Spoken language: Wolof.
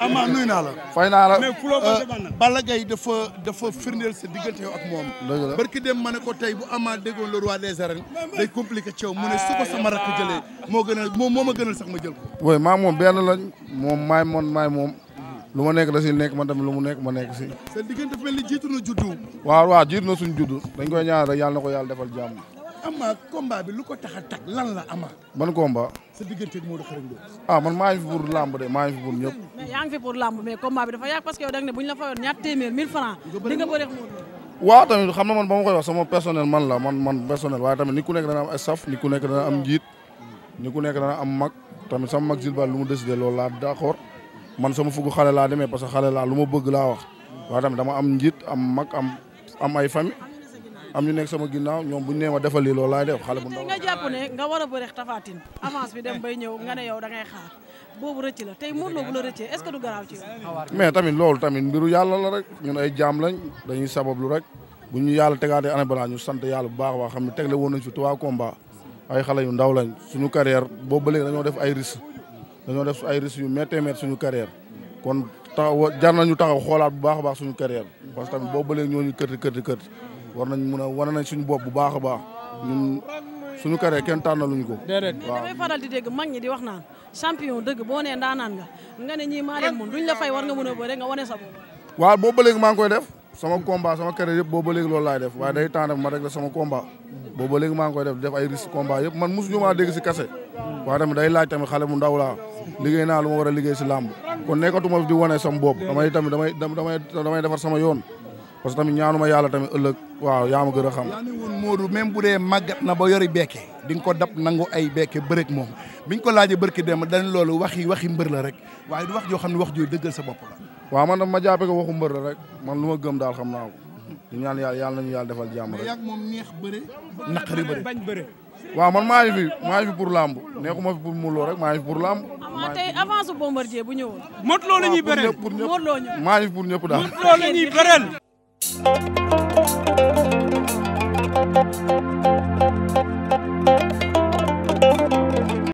Ama la. fay naa la mais fuloo ko Balla. Balla Gaye dafa dafa firndeel sa diggante ak moom. dëgg la barki dem ma ne ko tey bu Ama déggoon le roi des arènes day compliqué cew mu ne su ko sama rakk jëlee moo moo moo ma gënal sax ma jël ko. oui maa moom benn lañ moom maay moon maay moom. luma nek la ci nek man tam luma nek ma nek ci sa digënté mel ni jiitu na juddu. waaw waaw jiitu na suñu juddu dañ koy ñaan rek yalla nako yalla defal jamm amma combat bi lu ko tax tak lan la amma man combat. sa digënté mo do xërëng do ah man maay fi pour lamb de maay fi pour ñëpp. mais yaang fi pour lamb mais combat bi dafa yaak parce que yow da nga ne bu ñu la fayoon ñaar téeméer 1000 francs di nga bëre waaw tamit xam na man ba ma koy wax sama personnel man la man man personnel waaye tamit ni ku nekk dana am staff ni ku nekk dana am jitt ni ku nekk dana am mag tamit sama mag Zilbal lu mu décidé loolu la d'accord man sama fugu xale laa demee parce que xale laa ma bëgg laa wax waaye tamit dama am njiit am mag am am ay famille am ñu nekk sama ginnaaw ñoom bu ñu nee ma defal lii loolu laay xale bu ndaw nga a bëreex tafaatin avance xaar bu la mais tamit loolu tamit mbiru yàlla la rek ñun ay jaam lañ dañuy lu rek bu ñu yàlla tegaatee année balaa ñu sant yàlla bu baax baax xam ne tegle woon nañ fi trois combats ay xale yu ndaw lañ suñu carrière boobu ba dañoo def ay ris dañoo def ay risques yu méttee métti suñu carrière kon taxaw jar nañu taxaw xoolaat bu baax a baax suñu carrière parce que tamit boobu ba léegi ñooñu kërti kërti kërti war nañ mun a wane nañ suñu bopp bu baax a baax ñun suñu carrière kenn tànnaluñu ko. déedéet waaw damay faral di dégg mag ñi di wax naan champion dëgg boo nee ndaanaan nga nga ne ñii maa leen mun duñ la fay war nga mën a bëre nga wane sa bopp. waaw boobu ba léegi maa ngi koy def sama combat sama carrière yëpp boobu ba léegi loolu laay def waaye day temps def ma rek la sama combat boobu ba léegi maa ngi koy def def ay risque combat yëpp man mosuñu maa dégg si kase waaye tamit day laaj tamit xale mu ndaw laa liggéey naa lu ma war a liggéey si làmb kon nekkatuma di wane sam boob damay tamit damay damay damay defar sama yoon parce que tamit ñaanuma yàlla tamit ëllëg waaw yaa ma gën a xam yaa ne woon bu dee màggat na ba yori bekke di nga ko dab nangu ay bekke bërëg moom biñ ko laajee bërki dem dañ loolu waxi waxi mbër la rek waaye du wax joo xam ne wax jooy dëggal sa bopp la waaw man dama ma jàppe ko waxu mbër la rek man lu ma gëm daal xam naa ko di ñaan yàlla yàlla nañu yàlla defal jàmm rek. moom neex bëre. naqari bëre bañ bëre. waaw man maa ngi fi maa ngi fi pour làmb neexuma fi pour Modou rek maa ngi fi pour làmb. maa tey avance Bombardier bu ñëwoon. Modou Lo la ñuy bëreel pour ñëpp Modou ñëpp daal.